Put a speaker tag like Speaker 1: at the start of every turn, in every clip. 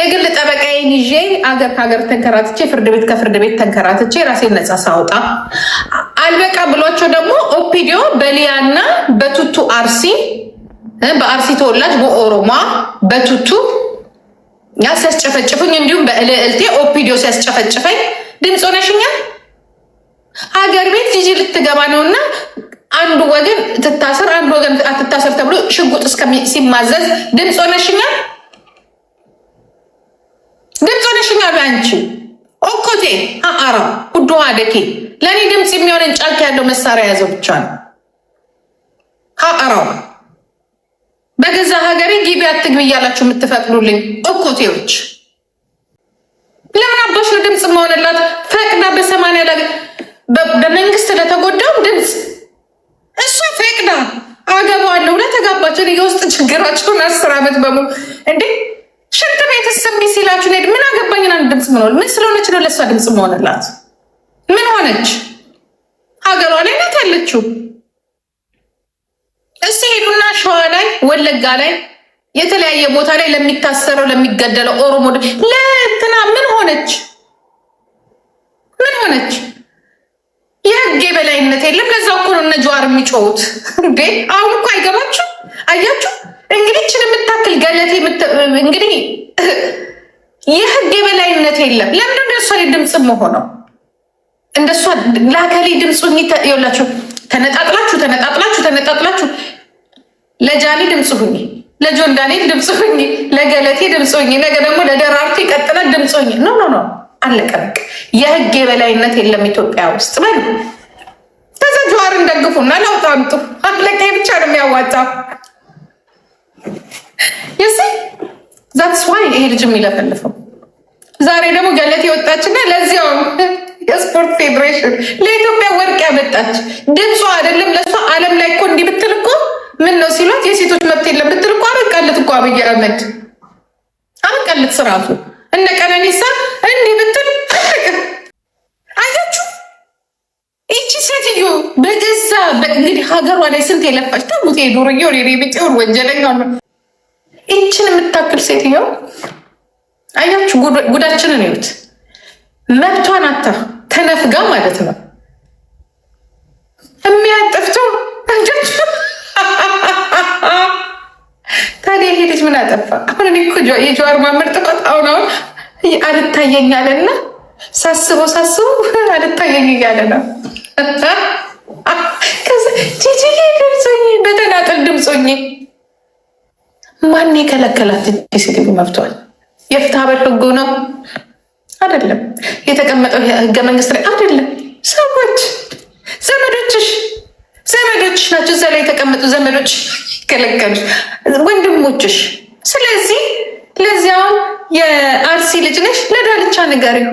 Speaker 1: የግል ጠበቃዬን ይዤ አገር ከሀገር ተንከራትቼ ፍርድ ቤት ከፍርድ ቤት ተንከራትቼ ራሴን ነፃ ሳውጣ አልበቃ ብሏቸው ደግሞ ኦፒዲዮ በሊያና በቱቱ አርሲ በአርሲ ተወላጅ በኦሮማ በቱቱ ያ ሲያስጨፈጭፉኝ እንዲሁም በእልእልቴ ኦፒዲዮ ሲያስጨፈጭፈኝ ድምፅ ሆነሽኛል። ሀገር ቤት ጂጂ ልትገባ ነውና አንዱ ወገን ትታሰር አንዱ ወገን አትታሰር ተብሎ ሽጉጥ እስከ ሲማዘዝ ድምፅ ሆነሽኛል። ድምፅ ሆነሽኛል አንቺ ኦኮቴ አአራ ጉዶ አደኬ ለእኔ ድምፅ የሚሆነን ጫንክ ያለው መሳሪያ የያዘው ብቻ ነው። አአራው በገዛ ሀገሬ ግቢ አትግቢ እያላችሁ የምትፈቅዱልኝ ኦኮቴዎች ለምን አባሽ ነው ድምፅ መሆንላት ፈቅዳ በሰማንያ ላይ በመንግስት ለተጎዳው ድምፅ እሷ ፈቅዳ አገባዋለሁ ለተጋባቸው የውስጥ ችግራቸውን አስር ዓመት በሙሉ እንዴ ሽንት ደስ ሲላችሁ ሄድ ምን አገባኝና ድምፅ ምን ሆነ ምን ስለሆነች ነው ለእሷ ድምፅ መሆንላት? ምን ሆነች? ሀገሯ ላይ ናት ያለችው። እስቲ ሄዱና ሸዋ ላይ፣ ወለጋ ላይ፣ የተለያየ ቦታ ላይ ለሚታሰረው ለሚገደለው ኦሮሞ ለእንትና ምን ሆነች? ምን ሆነች? የህግ የበላይነት የለም። ለዛ እኮ ነው እነ ጀዋር የሚጮሁት እንዴ። አሁን እኮ አይገባችሁ። አያችሁ እንግዲህ ችን የምታክል ገለቴ እንግዲህ የህግ የበላይነት የለም። ለምን እንደሷ ድምፅ መሆነው እንደሷ ለአከሌ ድምፅ ላችሁ ተነጣጥላችሁ ተነጣጥላችሁ ተነጣጥላችሁ ለጃኒ ድምፅ ሁኝ፣ ለጆን ዳንኤል ድምፅ ሁኝ፣ ለገለቴ ድምፅ ሁኝ፣ ነገ ደግሞ ለደራርቱ ይቀጥላል ድምፅ ሁኝ። ኖ ኖ ኖ አለቀ በቃ። የህግ የበላይነት የለም ኢትዮጵያ ውስጥ በሉ። ከዛ ጀዋርን ደግፉና ለውጥ አምጡ። አለቀ። ብቻ ነው የሚያዋጣው የሴ ዛትስ ዋይ ይሄ ልጅ የሚለፈልፈው ዛሬ ደግሞ ገለት የወጣችና ለዚያውም የስፖርት ፌዴሬሽን ለኢትዮጵያ ወርቅ ያመጣች ድምጿ አይደለም ለእሷ ዓለም ላይ እኮ እንዲህ ብትል እኮ ምን ነው ሲሏት የሴቶች መብት የለም ብትል እኮ አበቃለት እኮ አብይ አህመድ አበቃለት ስርዓቱ እነ ቀነኒሳ እንዲህ ብትል አያችሁ ይቺ ሴትዮ በገዛ እንግዲህ ሀገሯ ላይ ስንት የለፋች ታሙት የዱርየውን የቤጤውን ወንጀለኛ ይችን የምታክል ሴትዮ አያችሁ፣ ጉዳችንን ይዩት። መብቷን አታ ተነፍጋ ማለት ነው የሚያጠፍተው እንጆች። ታዲያ ይሄ ልጅ ምን አጠፋ? አሁን እኔ እኮ የጀዋር ማመድ ጥቆት አሁን አሁን አልታየኝ አለና ሳስበው ሳስበው አልታየኝ እያለ ነው። ጂጂ ድምፆኝ፣ በተናጠል ድምፆኝ ማን የከለከላት? ሴትዮ መብቷል። የፍትሐ ህጉ ነው አይደለም? የተቀመጠው ህገ መንግስት ላይ አይደለም? ሰዎች ዘመዶችሽ ዘመዶችሽ ናቸው እዛ ላይ የተቀመጡ ዘመዶች ይከለከሉ ወንድሞችሽ። ስለዚህ ለዚያውን የአርሲ ልጅ ነሽ፣ ለዳልቻ ንገሪው፣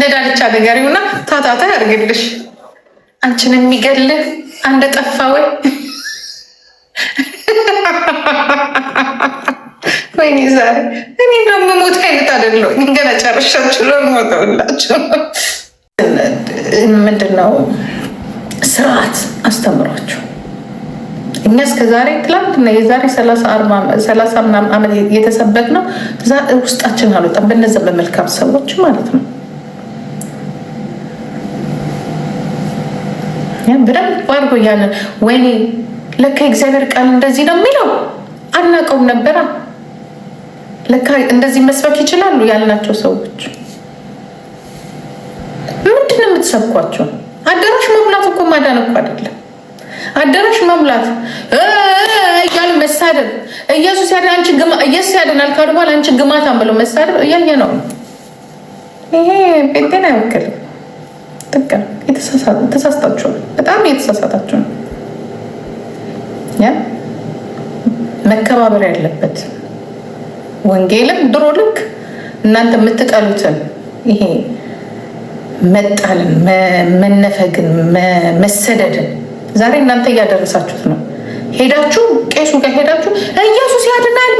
Speaker 1: ለዳልቻ ንገሪውና ታታታ ያርግልሽ። አንቺን የሚገልህ አንድ ጠፋ ወይ ወይኔ ዛሬ እኔ ደግሞ ሞት አይነት አይደለሁም። ገና ጨርሻችሁ ለሞተውላችሁ ምንድን ነው ስርዓት አስተምሯችሁ እኛ እስከ ዛሬ ትላንትና የዛሬ ሰላሳ ምናምን ዓመት የተሰበክ ነው ውስጣችን አልወጣም። በነዛ በመልካም ሰዎች ማለት ነው። በደንብ አድርጎ ያንን ወይኔ ለካ እግዚአብሔር ቃል እንደዚህ ነው የሚለው አናቀው ነበራ። ለካ እንደዚህ መስበክ ይችላሉ ያልናቸው ሰዎች ምንድን ነው የምትሰብኳቸው? አዳራሽ መሙላት እኮ ማዳን እኮ አይደለም። አዳራሽ መሙላት እያሉ መሳደብ፣ ኢየሱስ ያድን አንቺ ግማ፣ ኢየሱስ ያድናል ካሉ በኋላ አንቺ ግማታም ብለው መሳደብ እያየ ነው። ይሄ ቤቴን አይወክልም። ጥቅ ተሳስታችኋል። በጣም እየተሳሳታችሁ ነው። መከባበር ያለበት ወንጌልም ድሮ ልክ እናንተ የምትቀሉትን ይሄ መጣልን፣ መነፈግን፣ መሰደድን ዛሬ እናንተ እያደረሳችሁት ነው። ሄዳችሁ ቄሱ ጋር ሄዳችሁ ኢየሱስ ያድናል፣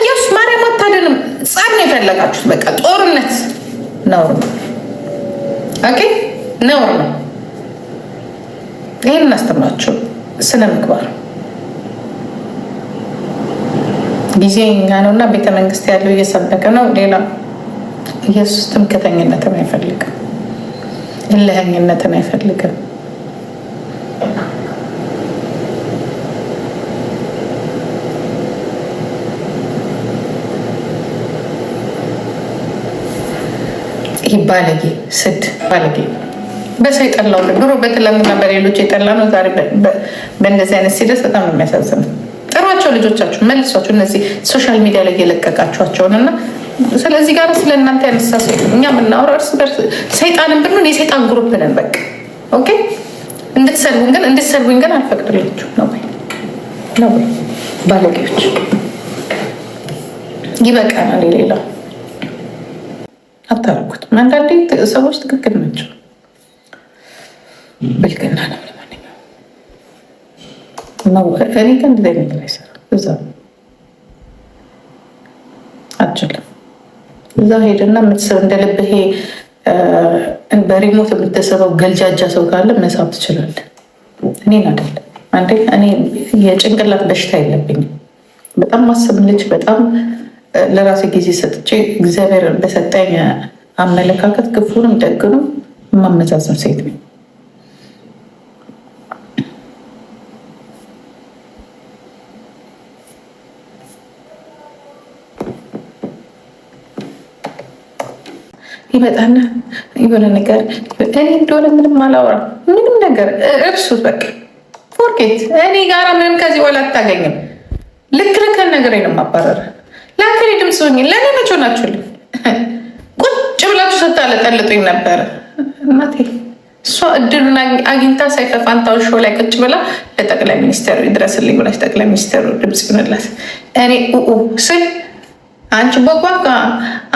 Speaker 1: ኢየሱስ ማርያም አታድንም፣ ጸብ ነው የፈለጋችሁት። በቃ ጦርነት ነውር ነው፣ ነውር ነው። ይህን እናስተምራችሁ ስነ ምግባር ጊዜ እኛ ነው እና ቤተ መንግስት ያለው እየሰበከ ነው። ሌላ ኢየሱስ ትምከተኝነትን አይፈልግም፣ እልህኝነትን አይፈልግም። ይህ ባለጌ ስድ ባለጌ በሰው የጠላው ድሮ በተለምና በሌሎች የጠላ ነው። ዛሬ በእንደዚህ አይነት ሲደስ በጣም ነው የሚያሳዝነው። መልሷቸው፣ ልጆቻችሁ መልሷቸው። እነዚህ ሶሻል ሚዲያ ላይ የለቀቃችኋቸውን እና ስለዚህ ጋር ስለ እናንተ ያነሳ እኛ የምናወራው እርስ በርስ ሰይጣንን ብንሆን የሰይጣን ግሩፕ ነን። በቃ ኦኬ። እንድትሰድቡን ግን እንድትሰድቡኝ ግን አልፈቅድላችሁ ነው ነው ባለጌዎች፣ ይበቃናል። የሌላው አታረኩትም። አንዳንዴ ሰዎች ትክክል ናቸው። ብልግና ነው ለማንኛውም። እኔ ግን እንደዚህ አይነት እዛ አችልም እዛ ሄድና የምትስብ እንደ ልብ ይሄ በሪሞት የምትሰበው ገልጃጃ ሰው ካለ መሳብ ትችላለ። እኔን አይደለም አንዴ እኔ የጭንቅላት በሽታ የለብኝም። በጣም ማሰብ ልጅ በጣም ለራሴ ጊዜ ሰጥቼ እግዚአብሔር በሰጠኝ አመለካከት ክፉንም ደግኑም የማመዛዝን ሴት ነው። ይመጣና የሆነ ነገር እኔ እንደሆነ ምንም አላወራም፣ ምንም ነገር እርሱት፣ በቃ ፎርጌት። እኔ ጋር ምንም ከዚህ በኋላ አታገኝም። ልክ ልክ ነገር ነው ማባረር ለአንከሪ ድምፅ ሆኝ ለእኔ መቾ ናችሁልኝ። ቁጭ ብላችሁ ስታለጠልጡኝ ነበረ እናቴ። እሷ እድሉን አግኝታ ሰይፈ ፋንታሁን ሾው ላይ ቁጭ ብላ ለጠቅላይ ሚኒስትሩ ይድረስልኝ ብላች ጠቅላይ ሚኒስትሩ ድምፅ ይሆንላት እኔ ስል አንቺ በጓጋ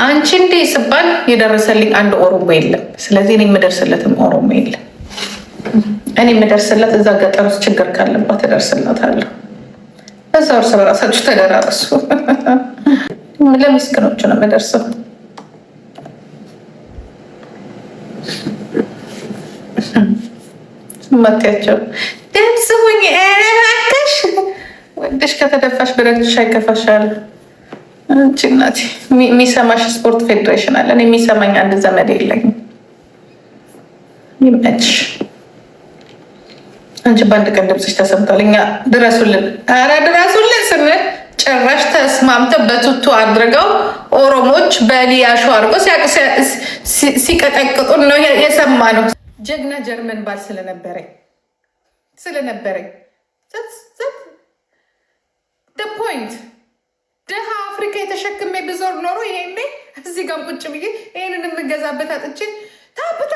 Speaker 1: አንቺ እንዴ ስባል የደረሰልኝ አንድ ኦሮሞ የለም። ስለዚህ እኔ የምደርስለትም ኦሮሞ የለም። እኔ የምደርስለት እዛ ገጠር ውስጥ ችግር ካለባት እደርስላታለሁ። እዛ እርስ በራሳችሁ ተደራረሱ። ለምስኪኖቹ ነው የምደርሰው። ስማትያቸው ደምስሁኝ ሁኝ ወደሽ ከተደፋሽ ብረግሽ አይከፋሻል ጭናት የሚሰማሽ ስፖርት ፌዴሬሽን አለን። የሚሰማኝ አንድ ዘመድ የለኝም። ይመችሽ። አንቺ በአንድ ቀን ድምፅሽ ተሰምቷል። እኛ ድረሱልን፣ ኧረ ድረሱልን ስንል ጭራሽ ተስማምተው በቱቱ አድርገው ኦሮሞች በሊያሹ አድርጎ ሲቀጠቅጡ ነው የሰማ ነው። ጀግና ጀርመን ባል ስለነበረኝ ስለነበረኝ ፖይንት ድሀ አፍሪካ የተሸክሜ ብዞር ኖሮ ይሄኔ እዚህ ጋር ቁጭ ብዬ ይህንን የምገዛበት አጥቼ ታብታ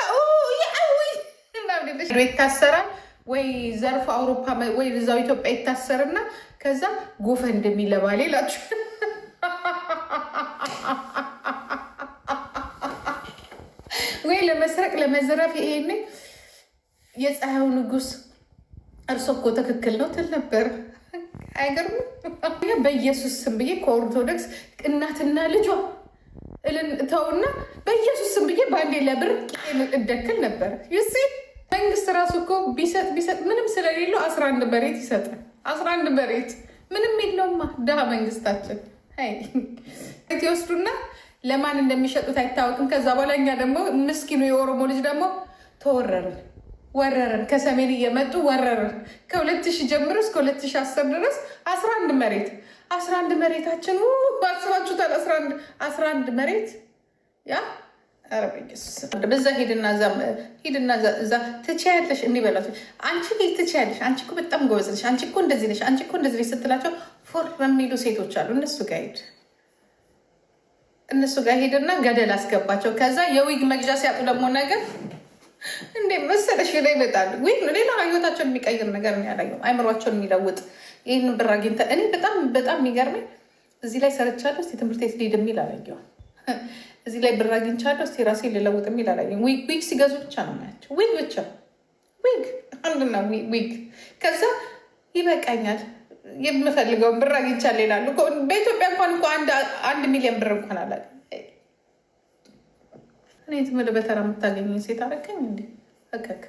Speaker 1: ይታሰራል ወይ ዘርፎ አውሮፓ ወይ እዛው ኢትዮጵያ ይታሰርና ከዛ ጎፈ እንደሚለባ ላችሁ ወይ ለመስረቅ ለመዝረፍ ይሄኔ የፀሐዩ ንጉስ እርሶ እኮ ትክክል ነው ትል ነበር። አይገርምም? በኢየሱስ ስም ብዬ ከኦርቶዶክስ እናትና ልጇ ተውና፣ በኢየሱስ ስም ብዬ በአንዴ ለብር እደክል ነበር። ይሲ መንግስት ራሱ እኮ ቢሰጥ ቢሰጥ ምንም ስለሌለው አስራ አንድ መሬት ይሰጣል። አስራ አንድ መሬት ምንም የለውማ ድሃ መንግስታችን ይወስዱና ለማን እንደሚሸጡት አይታወቅም። ከዛ በኋላ እኛ ደግሞ ምስኪኑ የኦሮሞ ልጅ ደግሞ ተወረርን። ወረረን ከሰሜን እየመጡ ወረረን። ከሁለት ሺህ ጀምሮ እስከ ሁለት ሺህ አስር ድረስ አስራ አንድ መሬት አስራ አንድ መሬታችን ባስባችሁታል። አስራ አንድ መሬት ያ አረበኝ በዛ ሄድና ሄድና እዛ ትችያለሽ እንዲበላቸው አንቺ ትቻያለሽ። አንቺ እኮ በጣም ጎበዝ ነሽ፣ አንቺ እኮ እንደዚህ ነሽ፣ አንቺ እኮ እንደዚህ ነሽ ስትላቸው ፎር የሚሉ ሴቶች አሉ። እነሱ ጋር ሄድ እነሱ ጋር ሄድና ገደል አስገባቸው። ከዛ የዊግ መግዣ ሲያጡ ደግሞ ነገር እንዴ መሰለሽ ላይ ይመጣሉ። ወይ ሌላ ህይወታቸውን የሚቀይር ነገር ነው ያላየው፣ አይምሯቸውን የሚለውጥ ይህን ብር አግኝተ እኔ በጣም በጣም የሚገርመኝ እዚህ ላይ ሰርቻለሁ እስኪ ትምህርት ቤት ልሄድ የሚል አላየው። እዚህ ላይ ብር አግኝቻለሁ እስኪ ራሴ ልለውጥ የሚል አላየው። ዊግ ሲገዙ ብቻ ነው ያቸው ዊግ ብቻ ዊግ አንድና ዊግ። ከዛ ይበቃኛል የምፈልገውን ብር አግኝቻለሁ ይላሉ። በኢትዮጵያ እንኳን አንድ ሚሊዮን ብር እንኳን አላለ እኔ ትምህርት በተራ የምታገኘኝ ሴት አረከኝ እንዴ? ፈቀቅ